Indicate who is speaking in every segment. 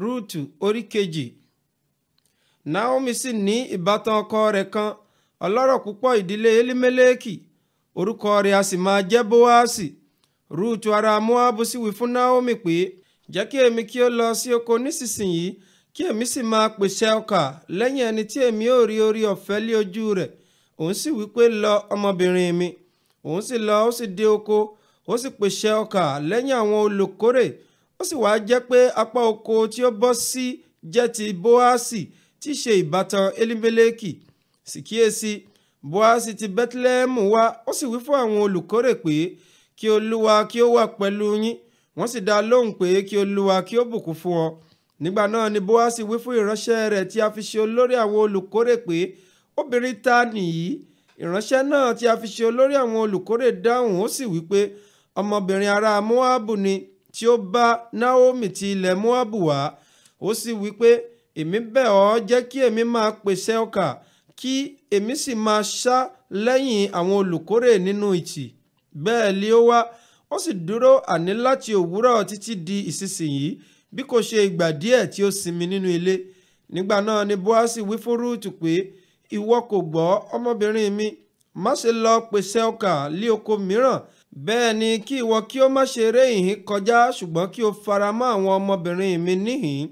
Speaker 1: rúùtù orí kejì naomi sì ní ìbátan ọkọ rẹ̀ kan ọlọ́rọ̀ púpọ̀ ìdílé elimeleki orúkọ rẹ̀ a sì máa jẹ́ boasi rúùtù ará moabu sì wí fún naomi pé jẹ́ kí èmi kí ó lọ sí oko nísinsìnyí kí èmi sì máa pèsè ọkà lẹ́yìn ẹni tí èmi ò rí orí ọ̀fẹ́ lé ojú rẹ̀ òun sì wí pé lọ ọmọbìnrin mi òun sì lọ ó sì dé oko ó sì pèsè ọkà lẹ́yìn àwọn ó sì wáá jẹ́ pé apá oko tí ó bọ́ sí jẹ́ ti bóásì tí í ṣe ìbátan elimeleki sì kíyèsí bóásì ti bẹ́tílẹ́hẹ́mù wá ó sì wí fún àwọn olùkórè pé kí olúwa kí ó wà pẹ̀lú yín wọ́n sì dá a lóhùn pé kí olúwa kí ó bùkún fún ọ nígbà náà ni bóásì wí fún ìránṣẹ́ rẹ̀ tí a fi ṣe olórí àwọn olùkórè pé obìnrin ta nìyí ìránṣẹ́ náà tí a fi ṣe olórí àwọn olùkórè dáhùn ó sì wí pé ọmọbìnrin ará moabu ni tí ó bá Naomi ti ilẹ̀ Moabu wá ó sì wí pé èmi bẹ̀ ọ́ jẹ́ kí èmi máa pèsè ọkà kí èmi sì máa ṣá lẹ́yìn àwọn olùkórè nínú ìtì bẹ́ẹ̀ li ó wá ó sì dúró àní láti òwúrọ̀ títí di ìsinsìnyí bí kò ṣe ìgbà díẹ̀ tí ó sinmi nínú ilé nígbà náà ni Bóásì wí fún Rúùtù pé ìwọ kò gbọ́ ọmọbìnrin mi má ṣe lọ pèsè ọkà lí oko mìíràn bẹ́ẹ̀ ni kí ìwọ kí o má ṣe eré ìhín kọjá ṣùgbọ́n kí o fara mọ́ àwọn ọmọbìnrin mi níhìn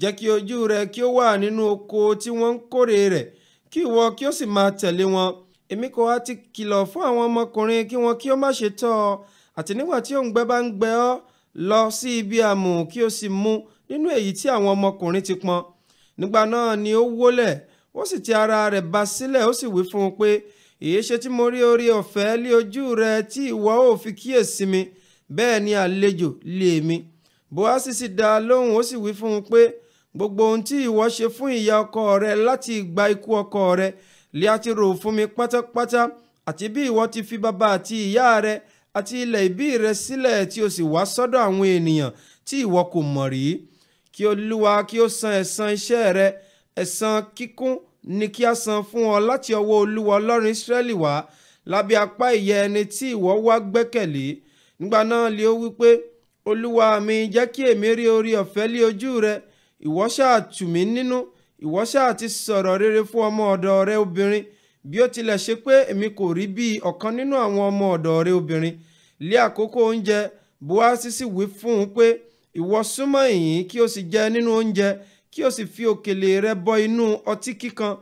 Speaker 1: jẹ́ kí ojú rẹ kí ó wà nínú oko tí wọ́n ń kórè rẹ̀ kí ìwọ kí o sì máa tẹ̀lé wọn èmi kò wá ti kìlọ̀ fún àwọn ọmọkùnrin kí wọn kí o má ṣe tọ́ ọ àti nígbà tí òǹgbẹ bá ń gbẹ ọ́ lọ sí ibi àmù kí o sì mu nínú èyí tí àwọn ọmọkùnrin ti pọn nígbà náà ni ó wólẹ̀ ó sì ti ara rẹ̀ ba sílẹ̀ ó sì wí fún un pé ìyéṣe tí mo rí orí ọ̀fẹ́ lé ojú rẹ tí ìwọ ò fi kíyèsí mi bẹ́ẹ̀ ni àlejò lé mi Bóásì sì dá a lóhùn ó sì wí fún un pé gbogbo ohun tí ìwọ ṣe fún ìyá ọkọ rẹ láti ìgbà ikú ọkọ rẹ lè a ti rò fún mi pátápátá àti bí ìwọ ti fi bàbá àti ìyá rẹ àti ilẹ̀ ìbí rẹ sílẹ̀ tí o sì wá sọ́dọ̀ àwọn ènìyàn tí ìwọ kò mọ̀ rí kí Olúwa kí ó san ẹ̀san iṣẹ́ rẹ ẹ̀san kíkún ni kí a san fún ọ láti ọwọ́ olúwa ọlọ́run israẹli wá lábẹ́ apá ìyẹ́ ẹni tí ìwọ wá gbẹ́kẹ̀lé nígbà náà lé ó wípé olúwa mi jẹ́ kí èmi rí orí ọ̀fẹ́ lé ojú rẹ ìwọ ṣáà tù mí nínú ìwọ ṣáà ti sọ̀rọ̀ rere fún ọmọ ọ̀dọ̀ rẹ obìnrin bí ó tilẹ̀ ṣe pé èmi kò rí bí ọ̀kan nínú àwọn ọmọ ọ̀dọ̀ rẹ obìnrin lé àkókò oúnjẹ Bóásì sì wí fún un pé ìwọ súnmọ́ ìyìn kí o sì jẹ nínú oúnjẹ kí o sì fi òkèlè rẹ bọ inú ọtí kíkan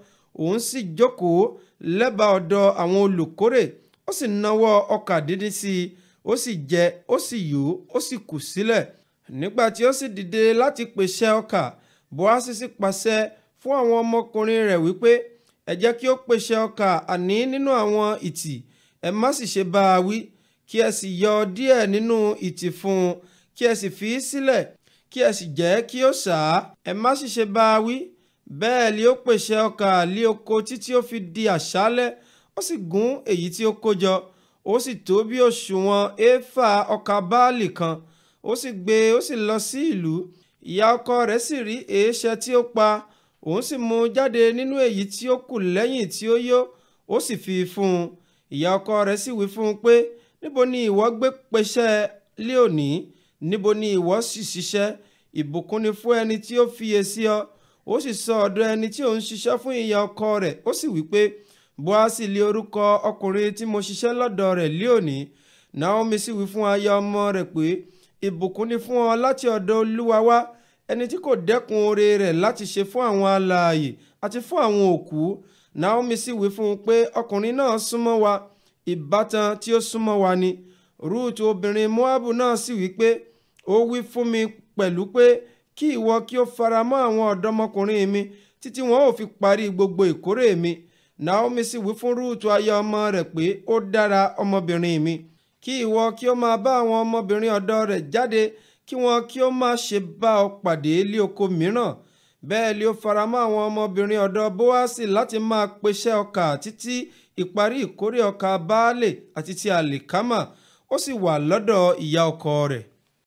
Speaker 1: òun sì jókòó lẹ́bàá ọ̀dọ̀ àwọn olùkórè ó sì nawọ́ ọkà dídín sí i ó sì jẹ ó sì yó ó sì kù sílẹ̀ nígbà tí ó sì dìde láti pèsè ọkà Bóásì sì pàṣẹ fún àwọn ọmọkùnrin rẹ̀ wípé ẹ jẹ́ kí ó pèsè ọkà àní nínú àwọn ìtì ẹ má sì ṣe bá a wí kí ẹ sì yọ díẹ̀ nínú ìtì fún un kí ẹ sì fi í sílẹ̀ kí ẹ sì jẹ́ kí ó sà ẹ má sì ṣe bá a wí bẹ́ẹ̀ lé ó pèsè ọkà lé oko títí ó fi di àṣálẹ́ ó sì gún èyí tí ó kó jọ ó sì tó bí òṣùwọ̀n éfà ọkà báàlì kan ó sì gbé e, ó sì lọ sí ìlú ìyá ọkọ rẹ̀ sì rí èéṣẹ́ tí ó pa òun sì mú jáde nínú èyí tí ó kù lẹ́yìn tí ó yó ó sì fi fún un ìyá ọkọ rẹ̀ sì wí fún un pé níbo ni ìwọ gbé pèsè lé òní níbo ni ìwọ sì ṣiṣẹ́ ìbùkún ni fún ẹni tí ó fiyè sí ọ ó sì sọ ọ̀dọ̀ ẹni tí òun ṣiṣẹ́ fún ìyá ọkọ rẹ̀ ó sì wí pé Bóásì lé orúkọ ọkùnrin tí mo ṣiṣẹ́ lọ́dọ̀ rẹ̀ lé Naomi sì wí fún aya ọmọ rẹ̀ pé ìbùkún ni fún ọ láti ọ̀dọ̀ Olúwa wá ẹni tí kò dẹ́kun oore rẹ̀ láti ṣe fún àwọn alààyè àti fún àwọn òkú Naomi sì wí fún un pé ọkùnrin náà súnmọ́ wa ìbátan tí ó súnmọ́ wa ni Ruth obìnrin Moabu náà sì wí pé ó wí fún mi pẹ̀lú pé kí ìwọ kí ó fara mọ́ àwọn ọ̀dọ́mọkùnrin mi títí wọn ò fi parí gbogbo ìkórè mi Naomi sì wí fún Rúùtù aya ọmọ rẹ pé ó dára ọmọbìnrin mi kí ìwọ kí ó máa bá àwọn ọmọbìnrin ọdọ rẹ jáde kí wọn kí ó má ṣe bá ọ pàdé ilé oko mìíràn bẹ́ẹ̀ ni ó faramọ́ àwọn ọmọbìnrin ọ̀dọ̀ Bóásì láti máa peṣẹ́ ọkà títí ìparí ìkórè ọkà baálé àti ti àlìkámà ó sì wà lọ́dọ̀ ìyá ọkọ rẹ.